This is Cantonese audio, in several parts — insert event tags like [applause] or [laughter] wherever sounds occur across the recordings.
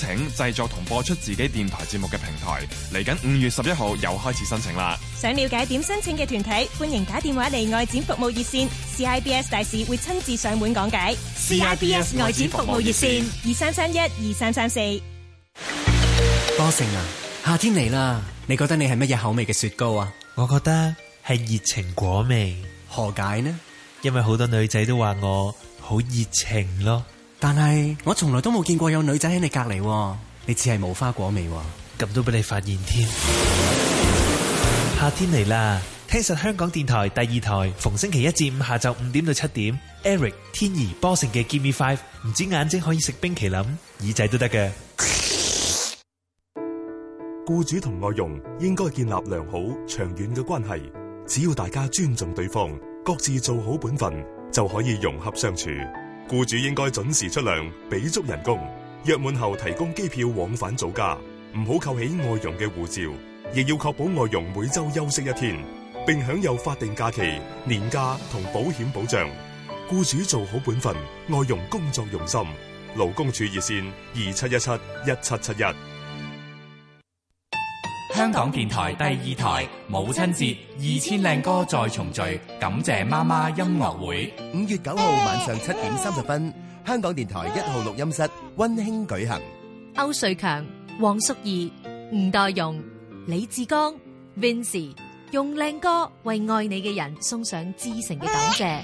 請製作同播出自己電台節目嘅平台，嚟緊五月十一號又開始申請啦。想了解點申請嘅團體，歡迎打電話嚟外展服務熱線。CIBS 大使會親自上門講解。CIBS 外展服務熱線二三三一二三三四。I B、多盛啊，夏天嚟啦，你覺得你係乜嘢口味嘅雪糕啊？我覺得係熱情果味，何解呢？因為好多女仔都話我好熱情咯。但係我從來都冇見過有女仔喺你隔籬，你只係無花果味。咁都俾你發現添。夏天嚟啦，聽實香港電台第二台，逢星期一至五下晝五點到七點，Eric 天怡波成嘅 Gimme Five，唔止眼睛可以食冰淇淋，耳仔都得嘅。僱主同外傭應該建立良好長遠嘅關係，只要大家尊重對方，各自做好本分，就可以融合相處。雇主應該準時出糧，俾足人工，約滿後提供機票往返祖家，唔好扣起外傭嘅護照，亦要確保外傭每周休息一天，並享有法定假期、年假同保險保障。雇主做好本份，外傭工作用心。勞工處熱線二七一七一七七一。香港電台第二台母親節二千靚歌再重聚，感謝媽媽音樂會。五月九號晚上七點三十分，香港電台一號錄音室温馨舉行。歐瑞強、黃淑儀、吳岱融、李志剛、Vincy 用靚歌為愛你嘅人送上至誠嘅感謝。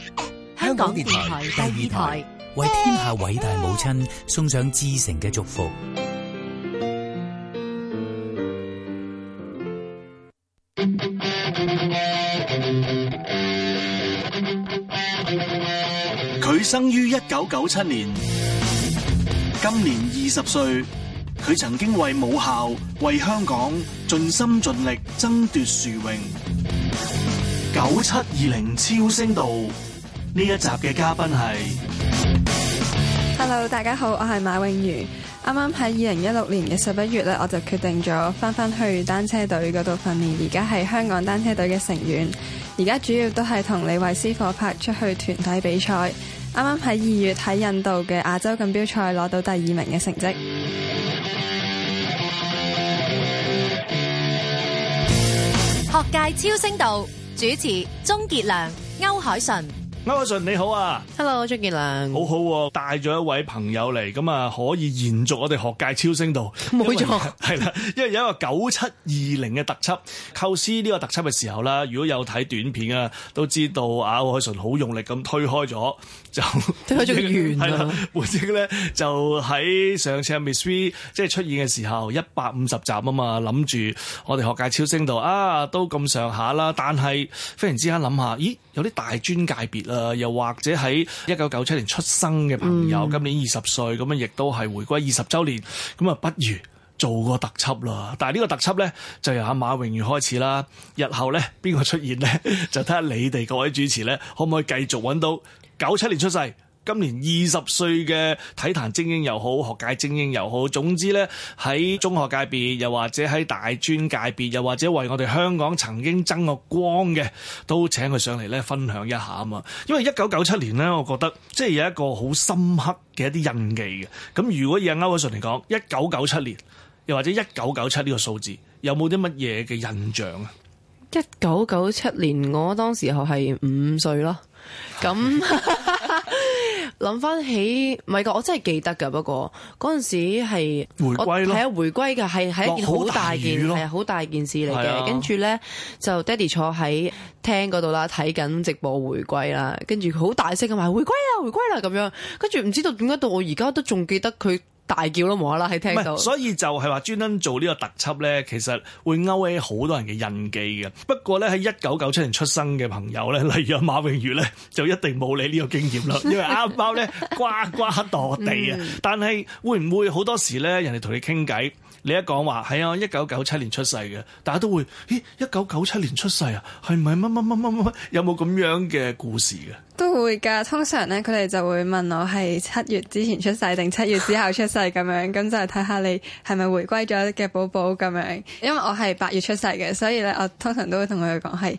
香港電台第二台,第二台為天下偉大母親送上至誠嘅祝福。生於一九九七年，今年二十歲，佢曾經為母校、為香港盡心盡力爭奪殊榮。九七二零超聲道呢一集嘅嘉賓係，Hello，大家好，我係馬詠茹。啱啱喺二零一六年嘅十一月咧，我就決定咗返返去單車隊嗰度訓練，而家係香港單車隊嘅成員，而家主要都係同李慧詩火拍出去團體比賽。啱啱喺二月喺印度嘅亞洲錦標賽攞到第二名嘅成績。學界超聲道主持鍾傑良、歐鎧淳。歐鎧淳你好啊，Hello 鍾傑良。好好帶、啊、咗一位朋友嚟，咁啊可以延續我哋學界超聲度，冇錯，係啦，因為有一個九七二零嘅特輯，構思呢個特輯嘅時候啦，如果有睇短片啊，都知道阿歐鎧淳好用力咁推開咗，就推開咗完啦。 [laughs] 本職咧就喺上次阿 [laughs] Miss V》即係出現嘅時候，一百五十集啊嘛，諗住我哋學界超聲度啊都咁上下啦，但係忽然之間諗下，咦？有啲大專界別啊，又或者喺一九九七年出生嘅朋友，嗯、今年二十歲，咁樣亦都係回歸二十週年，咁啊不如做個特輯啦。但係呢個特輯呢，就由阿馬詠茹開始啦。日後呢，邊個出現呢？就睇下你哋各位主持呢，可唔可以繼續揾到九七年出世？今年二十歲嘅體壇精英又好，學界精英又好，總之呢，喺中學界別，又或者喺大專界別，又或者為我哋香港曾經增過光嘅，都請佢上嚟呢，分享一下啊嘛。因為一九九七年呢，我覺得即係有一個好深刻嘅一啲印記嘅。咁如果以阿歐鎧淳嚟講，一九九七年，又或者一九九七呢個數字，有冇啲乜嘢嘅印象啊？一九九七年，我當時候係五歲咯，咁。 [laughs] [laughs] 諗翻起，唔係㗎，我真係記得㗎。不過嗰陣時係，回咯我係的啊，回歸嘅係係一件好大件，係好大件事嚟嘅。跟住咧，就爹哋坐喺廳嗰度啦，睇緊直播回歸啦。跟住佢好大聲咁話：回歸啦，回歸啦！咁樣跟住唔知道點解到我而家都仲記得佢。大叫都冇可拉喺聽到，所以就係話專登做呢個特輯咧，其實會勾起好多人嘅印記嘅。不過咧，喺一九九七年出生嘅朋友咧，例如阿馬詠茹咧，就一定冇你呢個經驗啦，因為阿包咧呱呱墮，墮地啊。 [laughs] 嗯，但係會唔會好多時咧，人哋同你傾偈？你一講話，係啊，一九九七年出世嘅，大家都會，咦，一九九七年出世啊，係唔係乜乜乜乜乜乜？有冇咁樣嘅故事嘅？都會㗎，通常咧，佢哋就會問我係七月之前出世定七月之後出世咁樣，咁 [laughs] 就睇下你係咪回歸咗嘅寶寶咁樣。因為我係八月出世嘅，所以咧，我通常都會同佢哋講係。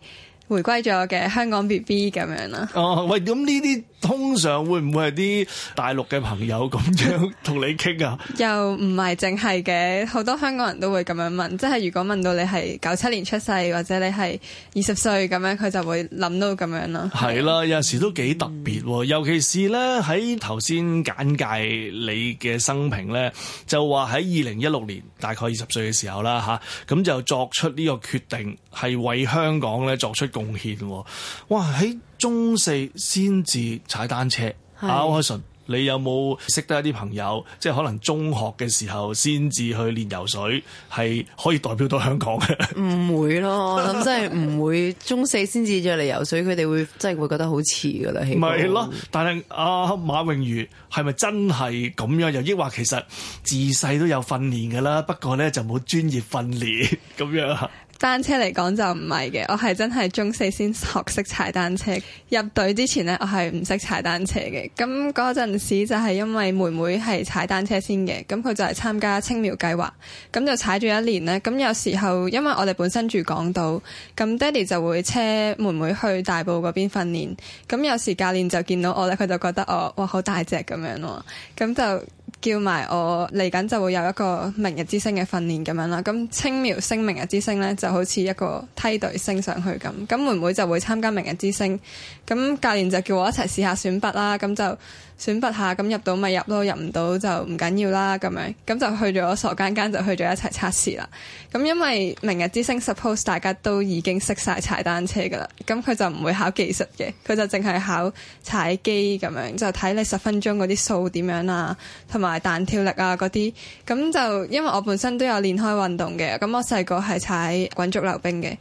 回歸咗嘅香港 BB 咁樣啦、啊。哦，喂，咁呢啲通常會唔會係啲大陸嘅朋友咁樣同你傾啊？ [laughs] 又唔係淨係嘅，好多香港人都會咁樣問，即係如果問到你係九七年出世，或者你係二十歲咁樣，佢就會諗到咁樣啦、啊。係啦、啊，啊、有陣時都幾特別、啊、尤其是咧喺頭先簡介你嘅生平咧，就話喺二零一六年大概二十歲嘅時候啦，吓、啊、咁就作出呢個決定係為香港咧作出。貢獻，哇！喺中四先至踩單車，阿淳是、啊、你有冇識得一啲朋友？即係可能中學嘅時候先至去練游水，係可以代表到香港嘅？唔會咯，我諗真係唔會。 [laughs] 中四先至再嚟游水，佢哋會真係會覺得好遲噶啦。唔係？咯？但係阿、啊、馬詠茹係咪真係咁樣？又抑或其實自細都有訓練噶啦？不過咧就冇專業訓練咁樣。單車嚟講就唔係嘅，我係真係中四先學識踩單車。入隊之前呢，我係唔識踩單車嘅。咁嗰陣時就係因為妹妹係踩單車先嘅，咁佢就係參加青苗計劃，咁就踩咗一年咧。咁有時候因為我哋本身住港島，咁爹哋就會車妹妹去大埔嗰邊訓練。咁有時教練就見到我咧，佢就覺得我哇好大隻咁樣，咁就。叫埋我，嚟緊就會有一個明日之星嘅訓練咁樣啦，咁青苗升明日之星呢就好似一個梯隊升上去咁，咁妹妹就會參加明日之星，咁教練就叫我一齊試下選拔啦，咁就。選拔下，咁入到咪入咯，入唔到就唔緊要啦。咁樣咁就去咗傻間間就去咗一齊測試啦。咁因為明日之星 suppose 大家都已經識晒踩單車噶啦，咁佢就唔會考技術嘅，佢就淨係考踩機咁樣，就睇你十分鐘嗰啲數點樣啊，同埋彈跳力啊嗰啲。咁就因為我本身都有練開運動嘅，咁我細個係踩滾軸溜冰嘅。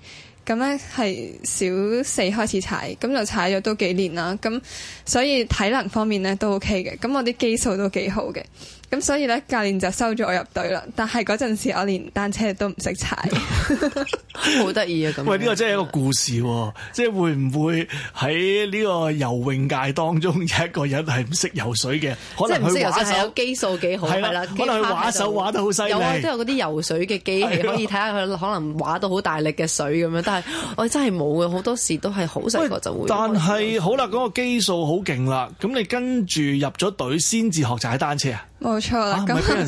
咁咧係小四開始踩，咁就踩咗都幾年啦。咁所以體能方面咧都 OK 嘅，咁我啲基礎都幾好嘅。咁所以咧，教練就收咗我入隊啦。但係嗰陣時，我連單車都唔識踩，好得意啊！咁喂，呢、這個真係一個故事、啊，的即係會唔會喺呢個游泳界當中，有一個人係唔識游水嘅？可能唔識游水係有、 [laughs] 啊、基數幾好係啦。可能畫手畫得、哎、好犀利，有都有嗰啲游水嘅機器可以睇下佢可能畫到好大力嘅水咁樣。但係我真係冇啊，好多時都係好細個就會。但係好啦，嗰、那個基數好勁啦。咁你跟住入咗隊先至學踩喺單車啊？冇錯啦，咁嗰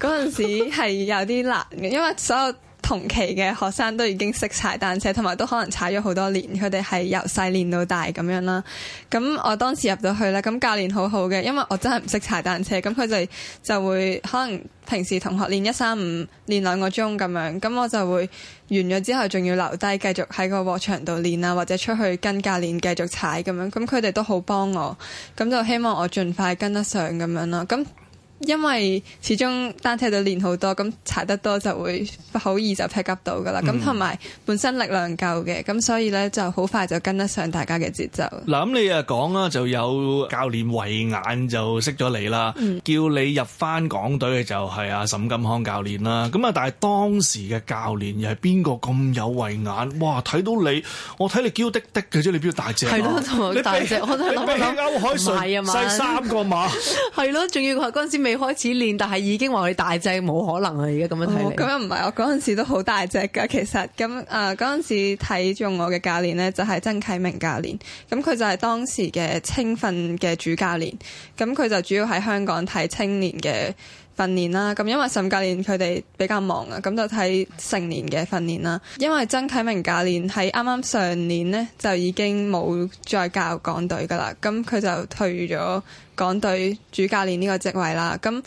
陣時係有啲難嘅，因為所有同期嘅學生都已經識踩單車，同埋都可能踩咗好多年。佢哋係由細練到大咁樣啦。咁我當時入到去啦，咁教練好好嘅，因為我真係唔識踩單車。咁佢哋就會可能平時同學練一三五練兩個鐘咁樣，咁我就會完咗之後仲要留低繼續喺個鑊場度練啊，或者出去跟教練繼續踩咁樣。咁佢哋都好幫我，咁就希望我盡快跟得上咁樣啦。咁。因為始終單車到練好多，咁踩得多就會好易就踢急到噶啦。咁同埋本身力量夠嘅，咁所以咧就好快就跟得上大家嘅節奏。嗱、嗯，咁你啊講啦，就有教練慧眼就識咗你啦，嗯、叫你入翻港隊嘅就係阿、啊、沈金康教練啦。咁啊，但係當時嘅教練又係邊個咁有慧眼？哇，睇到你，我睇你嬌滴滴嘅啫，你邊有大,、啊、大隻。係咯比，同我大隻，我都係諗緊歐鎧淳細三個碼。係咯， [laughs] 仲要話嗰陣時未。開始練，但係已經話你大隻冇可能啊！而家咁樣睇，咁、哦、樣唔係我嗰陣時都好大隻噶。其實咁啊，嗰陣、呃、時睇中我嘅教練呢，就係、是、曾啟明教練。咁佢就係當時嘅青訓嘅主教練。咁佢就主要喺香港睇青年嘅。訓練啦，咁因為沈教練佢哋比較忙啊，咁就睇成年嘅訓練啦。因為曾啟明教練喺啱啱上年呢，就已經冇再教港隊噶啦，咁佢就退咗港隊主教練呢個職位啦。咁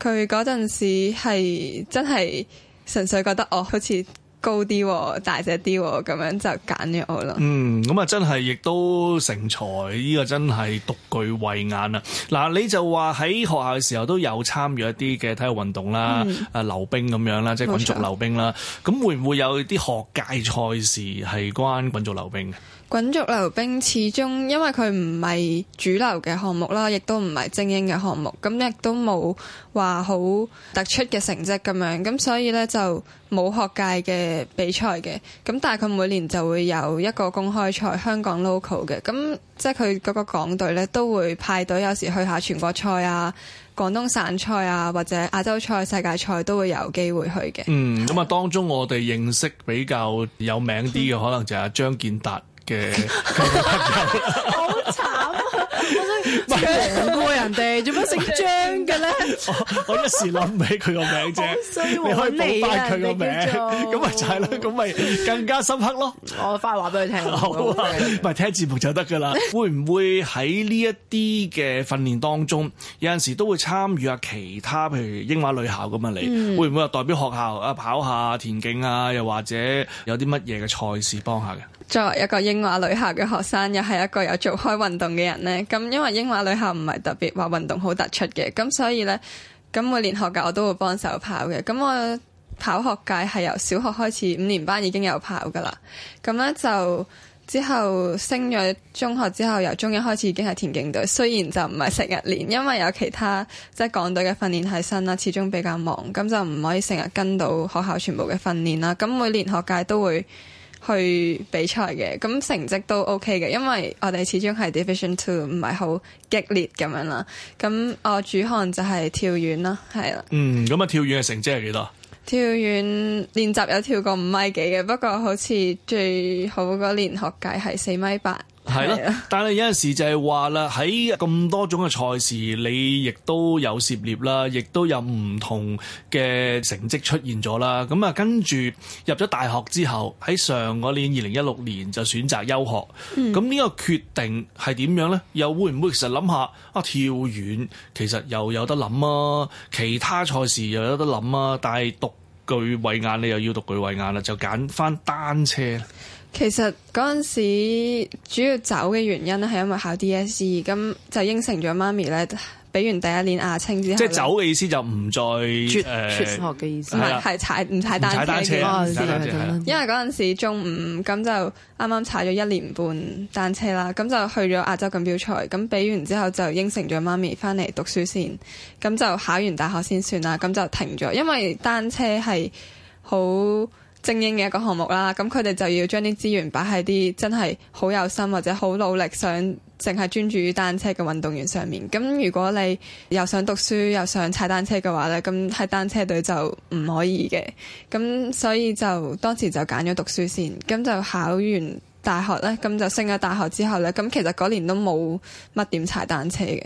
佢嗰陣時係真係純粹覺得我、哦、好似，高啲、啊，大隻啲、啊，咁樣就揀咗我咯。嗯，咁啊，真係亦都成才，呢、呢個真係獨具慧眼啊！嗱、啊，你就話喺學校嘅時候都有參與一啲嘅體育運動啦，嗯、啊溜冰咁樣啦，即係滾軸溜冰啦。咁錯會唔會有啲學界賽事係關滾軸溜冰嘅？滾軸溜冰始終因為佢唔係主流嘅項目啦，亦都唔係精英嘅項目，咁亦都冇話好突出嘅成績咁樣，咁所以呢，就冇學界嘅比賽嘅。咁但係佢每年就會有一個公開賽，香港 local 嘅，咁即係佢嗰個港隊呢，都會派隊，有時去下全國賽啊、廣東省賽啊，或者亞洲賽、世界賽都會有機會去嘅。嗯，咁啊，當中我哋認識比較有名啲嘅， [laughs] 可能就係張健達。嘅， [laughs] 教育 [laughs] 好慘啊！我真係唔怪人哋，做乜姓張嘅咧？ [laughs] 我一時諗唔起佢個名啫， [laughs] 壞話 你可以報翻佢個名，咁咪 [laughs] 就係、是、啦，咁咪更加深刻咯。我翻嚟話俾佢聽。好啊，咪聽節目就得噶啦。會唔會喺呢一啲嘅訓練當中，有陣時都會參與下其他，譬如英華女校咁樣，嚟，嗯、會唔會代表學校啊跑下田徑啊，又或者有啲乜嘢嘅賽事幫下嘅？作為一個英華女校嘅學生，又係一個有做開運動嘅人呢。咁因為英華女校唔係特別話運動好突出嘅，咁所以呢，咁每年學界我都會幫手跑嘅。咁我跑學界係由小學開始，五年班已經有跑噶啦。咁呢，就之後升咗中學之後，由中一開始已經係田徑隊，雖然就唔係成日練，因為有其他即係港隊嘅訓練喺身啦，始終比較忙，咁就唔可以成日跟到學校全部嘅訓練啦。咁每年學界都會。去比賽嘅，咁成績都 OK 嘅，因為我哋始終係 Division Two，唔係好激烈咁樣啦。咁我主項就係跳遠啦，係啦。嗯，咁啊跳遠嘅成績係幾多？跳遠練習有跳過五米幾嘅，不過好似最好嗰年學界係四米八。係啦，但係有陣時就係話啦，喺咁多種嘅賽事，你亦都有涉獵啦，亦都有唔同嘅成績出現咗啦。咁啊，跟住入咗大學之後，喺上嗰年二零一六年就選擇休學。咁呢、嗯、個決定係點樣呢？又會唔會其實諗下啊？跳遠其實又有得諗啊，其他賽事又有得諗啊，但係讀具慧眼你又要讀具慧眼啦，就揀翻單車。其實嗰陣時主要走嘅原因咧，係因為考 DSE，咁就應承咗媽咪咧，俾完第一年亞青之後，即係走嘅意思就唔再、呃、學嘅意思，唔係是對踩唔踩單車嗰陣時，因為嗰陣時中五咁就啱啱踩咗一年半單車啦，咁就去咗亞洲錦標賽，咁俾完之後就應承咗媽咪翻嚟讀書先，咁就考完大學先算啦，咁就停咗，因為單車係好。精英嘅一個項目啦，咁佢哋就要將啲資源擺喺啲真係好有心或者好努力，想淨係專注於單車嘅運動員上面。咁如果你又想讀書又想踩單車嘅話呢，咁喺單車隊就唔可以嘅。咁所以就當時就揀咗讀書先。咁就考完大學呢，咁就升咗大學之後呢。咁其實嗰年都冇乜點踩單車嘅，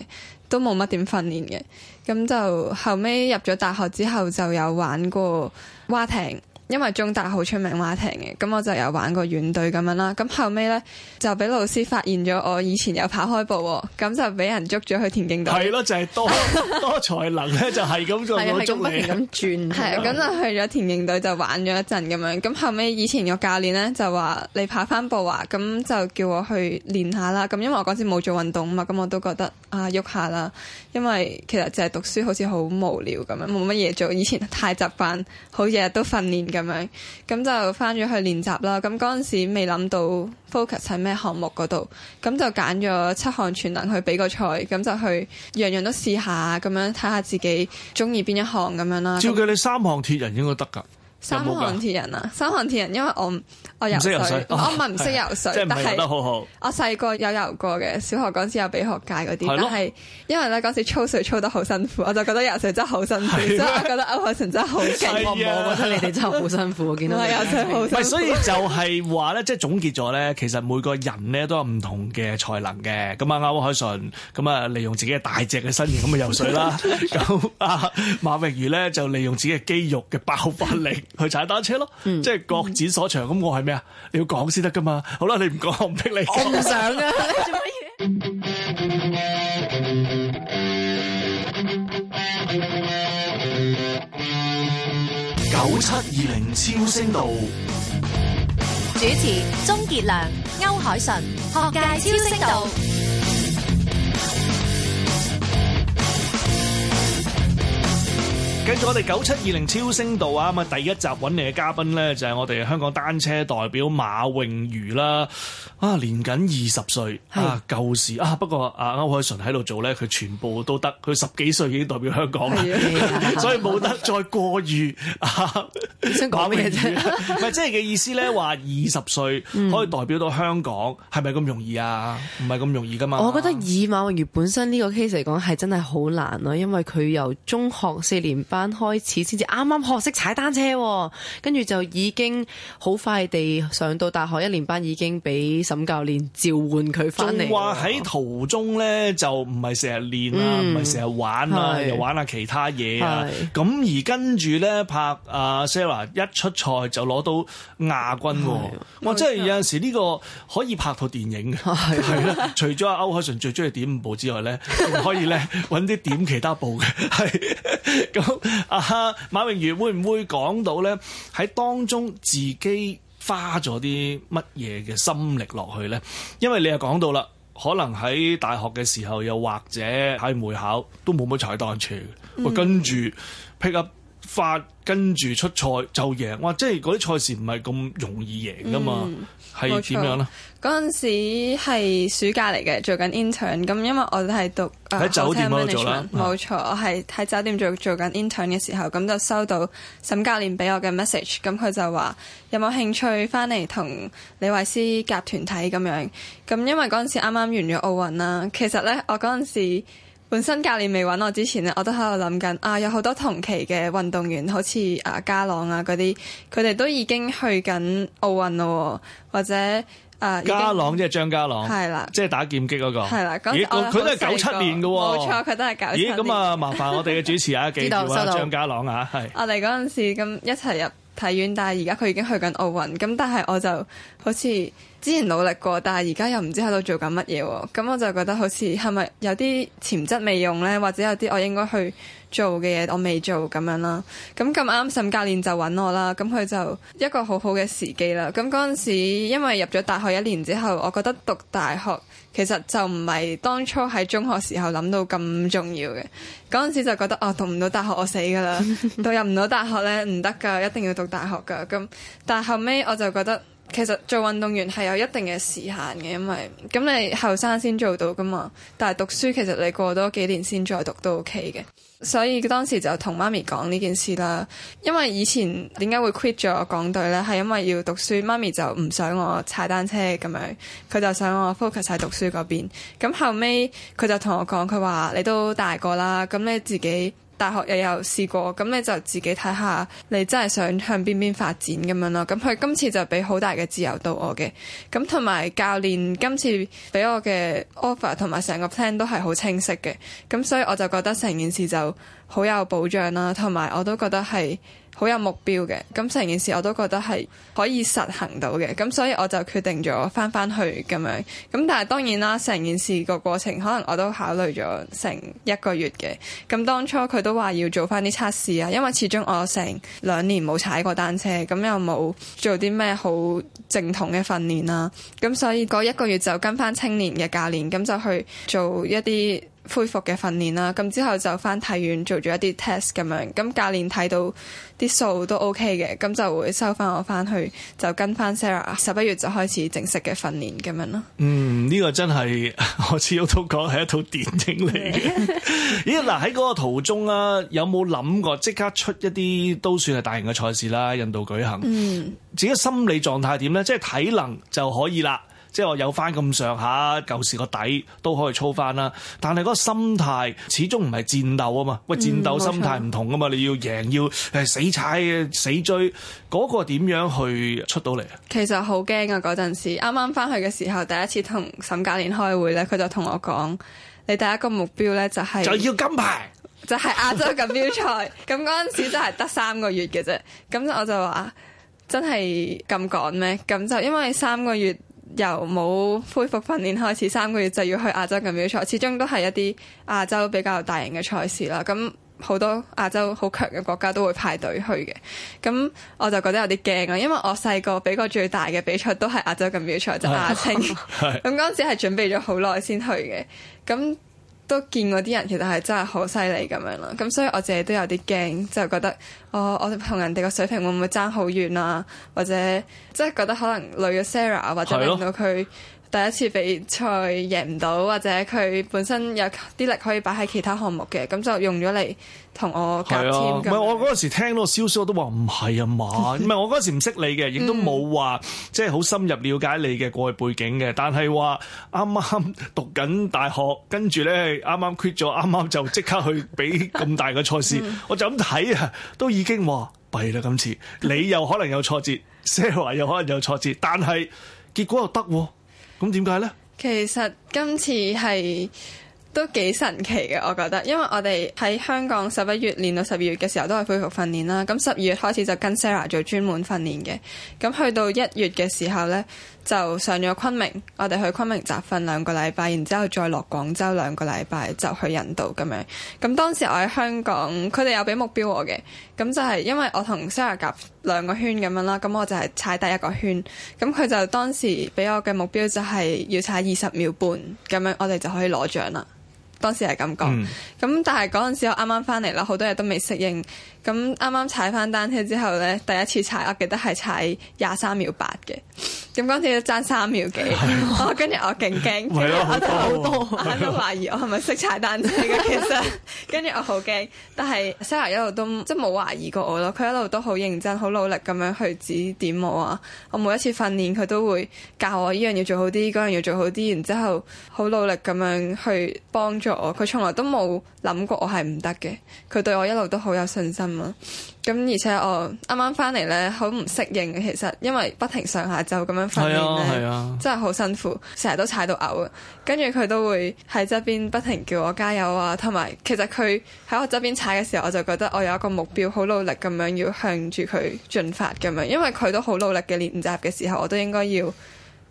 都冇乜點訓練嘅。咁就後尾入咗大學之後就有玩過蛙艇。因為中大好出名划艇嘅，咁我就有玩過院隊咁樣啦。咁後尾呢，就俾老師發現咗我以前有跑開步，咁就俾人捉咗去田徑隊。係咯，就係、是、多 [laughs] 多才能呢，就係咁做。係咁轉。係咁就去咗田徑隊就玩咗一陣咁樣。咁後尾以前個教練呢，就話你跑翻步啊，咁就叫我去練下啦。咁因為我嗰陣冇做運動啊嘛，咁我都覺得啊喐下啦。因為其實就係讀書好似好無聊咁樣，冇乜嘢做。以前太習慣好日日都訓練噶。咁樣，咁就翻咗去練習啦。咁嗰陣時未諗到 focus 喺咩項目嗰度，咁就揀咗七項全能去比個賽。咁就去樣樣都試下，咁樣睇下自己中意邊一項咁樣啦。照計你三項鐵人應該得噶。三項鐵人啊！三項鐵人，鐵人因為我我游水，我唔係唔識游水，啊、但係我細個有游過嘅，小學嗰時有比學界嗰啲，是啊、但係因為咧嗰時操水操得好辛苦，我就覺得游水真係好辛苦，嗎所以我覺得歐鎧淳真係好勁。是啊、我覺得你哋真係好辛苦，見到游水好辛苦。 [laughs] 所以就係話咧，即係總結咗咧，其實每個人咧都有唔同嘅才能嘅。咁啊，歐鎧淳咁啊，利用自己嘅大隻嘅身形咁啊游水啦。咁啊，馬詠茹咧就利用自己嘅肌肉嘅爆發力。去踩單車咯，嗯、即係各展所長。咁、嗯、我係咩啊？你要講先得噶嘛？好啦，你唔講，我唔逼你。我唔、哦、想啊！ [laughs] 你做乜嘢？九七二零超聲道，主持鍾傑良、歐鎧淳，學界超聲道。跟住我哋九七二零超聲道啊，咁啊第一集揾嚟嘅嘉賓咧就係、是、我哋香港單車代表馬詠茹啦，啊年僅二十歲啊舊時啊，不過阿歐鎧淳喺度做咧，佢全部都得，佢十幾歲已經代表香港，的 [laughs] 所以冇得再過譽。啊，先講咩啫？唔係 [laughs] 即係嘅意思咧，話二十歲可以代表到香港，係咪咁容易啊？唔係咁容易㗎嘛？我覺得以馬詠茹本身呢個 case 嚟講係真係好難咯，因為佢由中學四年。班開始先至啱啱學識踩單車，跟住就已經好快地上到大學一年班，已經俾沈教練召喚佢翻嚟。話喺途中咧就唔係成日練啦，唔係成日玩啦，是又玩下其他嘢啊。咁是而跟住咧拍阿 Sarah 一出賽就攞到亞軍，我真係有陣時呢個可以拍套電影嘅，係啦。除咗歐鎧淳最中意點五步之外咧， [laughs] 仲可以咧揾啲點其他步嘅，係咁。 [laughs] 啊哈！馬詠茹會唔會講到咧？喺當中自己花咗啲乜嘢嘅心力落去咧？因為你又講到啦，可能喺大學嘅時候，又或者喺會考都冇乜踩單車，我、嗯、跟住 Pick up 發，跟住出賽就贏。哇！即係嗰啲賽事唔係咁容易贏㗎嘛。嗯係點樣咧？嗰時係暑假嚟嘅，做緊 intern。咁因為我哋係讀喺酒店做啦，冇錯，我係喺酒店做做緊 intern 嘅時候，咁就收到沈教練俾我嘅 message。咁佢就話有冇興趣翻嚟同李慧詩夾團睇咁樣。咁因為嗰陣時啱啱完咗奧運啦，其實咧我嗰陣時。本身教練未揾我之前咧，我都喺度諗緊啊，有好多同期嘅運動員，好似啊家朗啊嗰啲，佢哋都已經去緊奧運咯，或者啊家朗即係張家朗，係啦了，即係打劍擊嗰個，係啦，佢都係九七年嘅喎，冇錯，佢都係九七年。咦咁啊，麻煩我哋嘅主持啊，記住啊， [laughs] 張家朗啊，係。我哋嗰陣時咁一齊入體院，但係而家佢已經去緊奧運，咁但係我就好似之前努力過，但係而家又唔知喺度做緊乜嘢，咁我就覺得好似係咪有啲潛質未用咧，或者有啲我應該去做嘅嘢我未做咁樣啦，咁咁啱沈教練就揾我啦，咁佢就一個好好嘅時機啦。咁嗰陣時因為入咗大學一年之後，我覺得讀大學其實就唔係當初喺中學時候諗到咁重要嘅。嗰陣時就覺得，哦，讀唔到大學我死㗎啦，讀 [laughs] 入唔到大學呢，唔得㗎，一定要讀大學㗎。咁但係後尾我就覺得。其實做運動員係有一定嘅時限嘅，因為咁你後生先做到噶嘛。但係讀書其實你過多幾年先再讀都 OK 嘅，所以當時就同媽咪講呢件事啦。因為以前點解會 quit 咗我港隊呢，係因為要讀書，媽咪就唔想我踩單車咁樣，佢就想我 focus 喺讀書嗰邊。咁後尾，佢就同我講，佢話你都大個啦，咁你自己。大學又有試過，咁你就自己睇下，你真係想向邊邊發展咁樣咯。咁佢今次就俾好大嘅自由度我嘅，咁同埋教練今次俾我嘅 offer 同埋成個 plan 都係好清晰嘅，咁所以我就覺得成件事就。好有保障啦，同埋我都覺得係好有目標嘅，咁成件事我都覺得係可以實行到嘅，咁所以我就決定咗翻翻去咁樣。咁但係當然啦，成件事個過程可能我都考慮咗成一個月嘅。咁當初佢都話要做翻啲測試啊，因為始終我成兩年冇踩過單車，咁又冇做啲咩好正統嘅訓練啦，咁所以嗰一個月就跟翻青年嘅教練咁就去做一啲恢復嘅訓練啦，咁之後就翻體院做咗一啲 test 咁樣，咁教練睇到啲數都 ok 嘅，咁就會收翻我翻去就跟翻 Sarah 十一月，就開始正式嘅訓練咁樣咯。嗯，呢、這個真係我始終都講係一套電影嚟嘅。咦、 [laughs] 哎，嗱喺嗰個途中啊，有冇諗過即刻出一啲都算係大型嘅賽事啦，印度舉行，嗯、自己嘅心理狀態點咧？即係體能就可以啦。即係我有翻咁上下，舊時個底都可以操翻啦。但係嗰個心態始終唔係戰鬥啊嘛，喂，戰鬥心態唔同啊嘛，嗯、你要贏要誒死踩死追嗰、那個點樣去出到嚟啊？其實好驚啊！嗰陣時啱啱翻去嘅時候，第一次同沈教練開會咧，佢就同我講：你第一個目標咧就係、是、就要金牌，就係亞洲錦標賽。咁嗰陣時真係得三個月嘅啫，咁我就話：真係咁趕咩？咁就因為三個月。由冇恢復訓練開始，三個月就要去亞洲錦標賽，始終都係一啲亞洲比較大型嘅賽事啦。咁好多亞洲好強嘅國家都會派隊去嘅。咁我就覺得有啲驚啊，因為我細個比過最大嘅比賽都係亞洲錦標賽，就亞青。咁嗰陣時係準備咗好耐先去嘅。咁都見過啲人其實係真係好犀利咁樣咯，咁所以我自己都有啲驚，就覺得、哦、我我同人哋個水平會唔會爭好遠啊？或者即係、就是、覺得可能女嘅 Sarah 或者令到佢。第一次比賽贏唔到，或者佢本身有啲力可以擺喺其他項目嘅，咁就用咗嚟同我夾簽。唔係、啊、這樣 我嗰陣時聽到消息都 [laughs] 我都話唔係啊嘛，唔係我嗰陣時唔識你嘅，亦都冇話即係好深入了解你嘅過去背景嘅。但係話啱啱讀緊大學，跟住咧啱啱 quit 咗，啱啱就即刻去比咁大嘅賽事， [laughs] [laughs] 我就咁睇啊，都已經話弊啦今次。你又可能有挫折，Sarah 又可能有挫折，但係結果又得喎、啊。咁點解呢？其實今次係都幾神奇嘅，我覺得，因為我哋喺香港十一月練到十二月嘅時候都係恢復訓練啦。咁十二月開始就跟 Sarah 做專門訓練嘅，咁去到一月嘅時候呢？就上咗昆明，我哋去昆明集訓兩個禮拜，然之後再落廣州兩個禮拜，就去印度咁樣。咁當時我喺香港，佢哋有畀目標我嘅，咁就係因為我同 Sarah 夾兩個圈咁樣啦，咁我就係踩第一個圈，咁佢就當時畀我嘅目標就係要踩二十秒半，咁樣我哋就可以攞獎啦。當時係咁講，咁、嗯、但係陣時我啱啱翻嚟啦，好多嘢都未適應，咁啱啱踩翻單車之後咧，第一次踩，我記得係踩廿三秒八嘅。咁嗰陣都爭三秒幾，我跟住我勁驚，我好多，嗯哦、我都懷疑我係咪識踩單車嘅其實跟住我好驚，但係 Sarah 一路都即係冇懷疑過我咯。佢一路都好認真、好努力咁樣去指點我啊。我每一次訓練佢都會教我呢樣要做好啲，嗰樣要做好啲，然之後好努力咁樣去幫助。佢從來都冇諗過我係唔得嘅，佢對我一路都好有信心啦。咁而且我啱啱翻嚟呢，好唔適應。其實因為不停上下晝咁樣訓練咧，啊啊、真係好辛苦，成日都踩到嘔啊。跟住佢都會喺側邊不停叫我加油啊，同埋其實佢喺我側邊踩嘅時候，我就覺得我有一個目標，好努力咁樣要向住佢進發咁樣，因為佢都好努力嘅練習嘅時候，我都應該要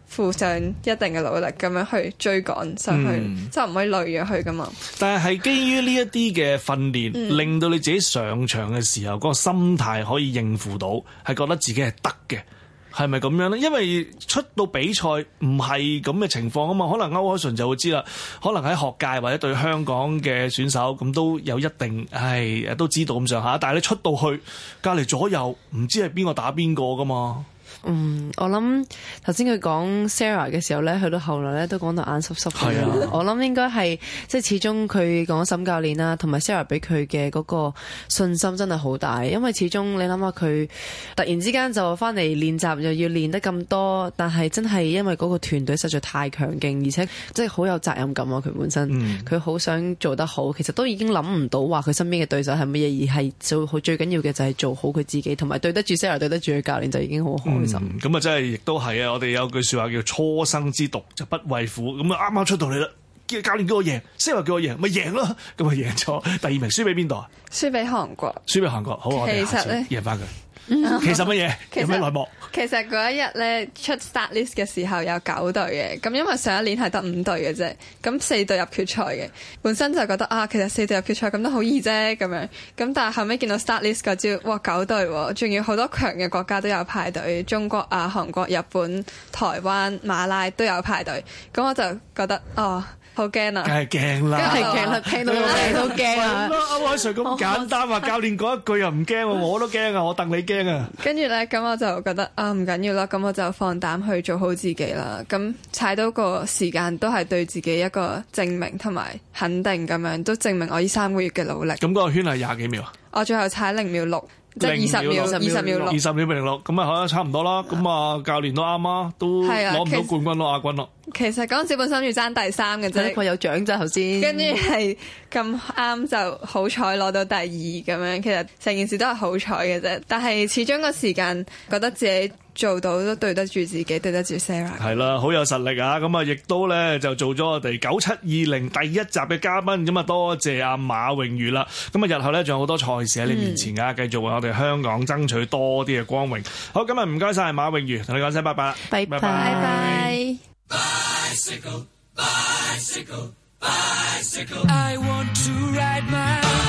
付上一定嘅努力，咁樣去追趕上去，就唔可以累咗去噶嘛。但係基於呢一啲嘅訓練令到你自己上場嘅時候，嗰個心態可以應付到，係覺得自己係得嘅，係咪咁樣咧？因為出到比賽唔係咁嘅情況啊嘛。可能歐鎧淳就會知啦，可能喺學界或者對香港嘅選手咁都有一定係都知道咁上下。但係你出到去隔離左右，唔知係邊個打邊個噶嘛？嗯，我諗頭先佢講 Sarah 嘅時候咧，去到後來咧都講到眼濕濕嘅。是啊，我諗應該係，即係始終佢講沈教練啦，同埋 Sarah 俾佢嘅個信心真係好大。因為始終你諗下佢突然之間就翻嚟練習，又要練得咁多，但係真係因為個團隊實在太強勁，而且即係好有責任感啊。佢本身佢好想做得好，其實都已經諗唔到話佢身邊嘅對手係乜嘢，而係做好最緊要嘅就係做好佢自己，同埋對得住 Sarah，對得住佢教練就已經好好。嗯嗯咁啊，嗯、真係亦都係啊！我哋有句說話叫初生之犢，就不畏虎。咁啊啱啱出到嚟啦！教練叫我贏，C 羅叫我贏，咪贏咯！咁咪贏咗第二名，輸俾邊度啊？輸俾韓國，輸俾韓國，好，我其實咧，贏翻佢。其實乜嘢？有咩內幕？其實嗰一日咧出 start list 嘅時候有九隊嘅，咁因為上一年係得五隊嘅啫，咁四隊入決賽嘅，本身就覺得啊，其實四隊入決賽咁都好易啫，咁樣，咁但係後尾見到 start list 嗰招，哇，九隊啊，仲要好多強嘅國家都有派隊，中國啊、韓國、日本、台灣、馬拉都有派隊，咁我就覺得哦。好驚啊！梗係驚啦，梗係驚啦，聽到聽到驚啦。阿偉 Sir 咁簡單話， [laughs] 教練講一句又唔驚，我都驚啊，我戥你驚啊。啊啊跟住咧，咁、嗯、我就覺得啊，唔緊要啦，咁我就放膽去做好自己啦。咁、嗯、踩到個時間都係對自己一個證明同埋肯定咁樣，都證明我呢三個月嘅努力。咁嗰、嗯那個圈係廿幾秒啊？我最後踩零秒六。即係二十秒，二十秒六，二十秒六，嗯，二十秒零六，咁啊，可能差唔多啦。咁啊，教練都啱啊，都係啊，攞唔到冠軍咯，亞軍咯。其實嗰陣時本身要爭第三嘅，啫，不過有獎就頭先跟住係咁啱，就好彩攞到第二咁樣。其實成件事都係好彩嘅啫。但係始終個時間，覺得自己。做到都對得住自己，對得住 Sarah。係啦，好有實力啊！咁啊，亦都咧就做咗我哋九七二零第一集嘅嘉賓，咁啊多謝阿馬詠茹啦！咁啊，日後咧仲有好多賽事喺你面前啊，繼續為我哋香港爭取多啲嘅光榮。好，咁啊唔該曬馬詠茹，同你講聲 bye bye，bye bye bye bye。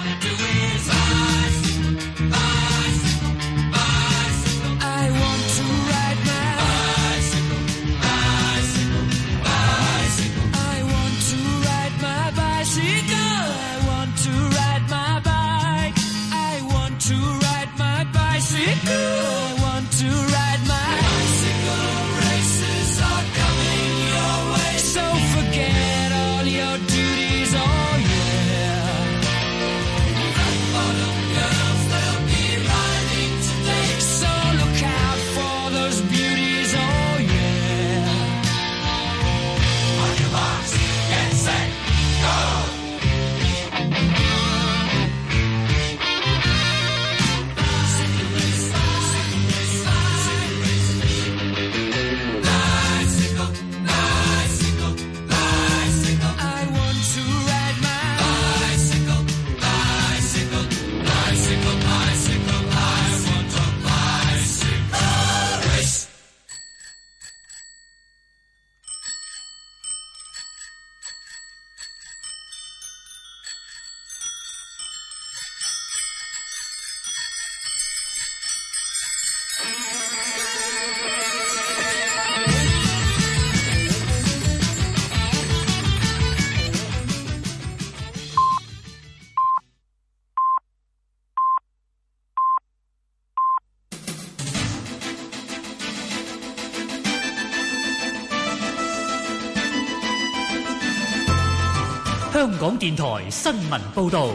電台新聞報道：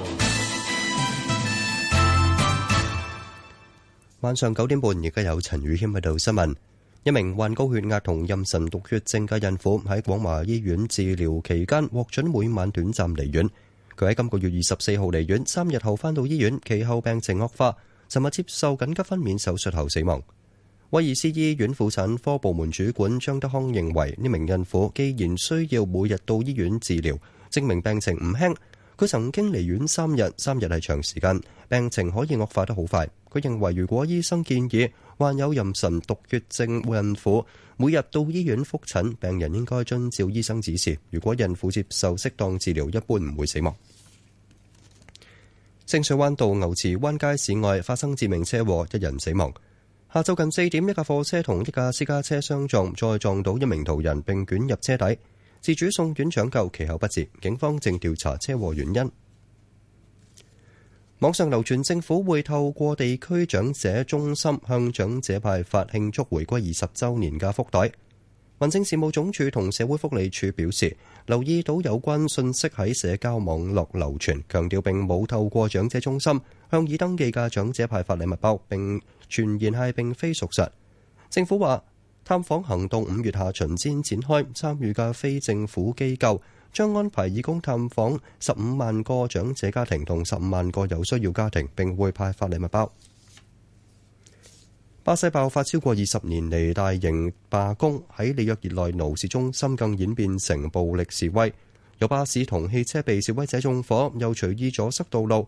晚上九點半，而家有陳宇謙喺度。新聞：一名患高血壓同妊娠毒血症嘅孕婦喺廣華醫院治療期間獲准每晚短暫離院。佢喺今個月二十四號離院，三日後翻到醫院，其後病情惡化，尋日接受緊急分娩手術後死亡。威爾斯醫院婦產科部門主管張德康認為，呢名孕婦既然需要每日到醫院治療。證明病情唔輕，佢曾經離院三日，三日係長時間，病情可以惡化得好快。佢認為，如果醫生建議患有妊娠毒血症孕婦每日到醫院復診，病人應該遵照醫生指示。如果孕婦接受適當治療，一般唔會死亡。清水灣道牛池灣街市外發生致命車禍，一人死亡。下晝近四點，一架貨車同一架私家車相撞，再撞到一名途人，並捲入車底。事主送院搶救，其後不治。警方正調查車禍原因。網上流傳政府會透過地區長者中心向長者派發慶祝回歸二十周年嘅福袋。民政事務總署同社會福利署表示，留意到有關信息喺社交網絡流傳，強調並冇透過長者中心向已登記嘅長者派發禮物包，並傳言係並非屬實。政府話。探訪行動五月下旬先展開，參與嘅非政府機構將安排義工探訪十五萬個長者家庭同十五萬個有需要家庭，並會派發禮物包。巴西爆發超過二十年嚟大型罷工，喺里約熱內盧市中心更演變成暴力示威，有巴士同汽車被示威者縱火，又隨意阻塞道路。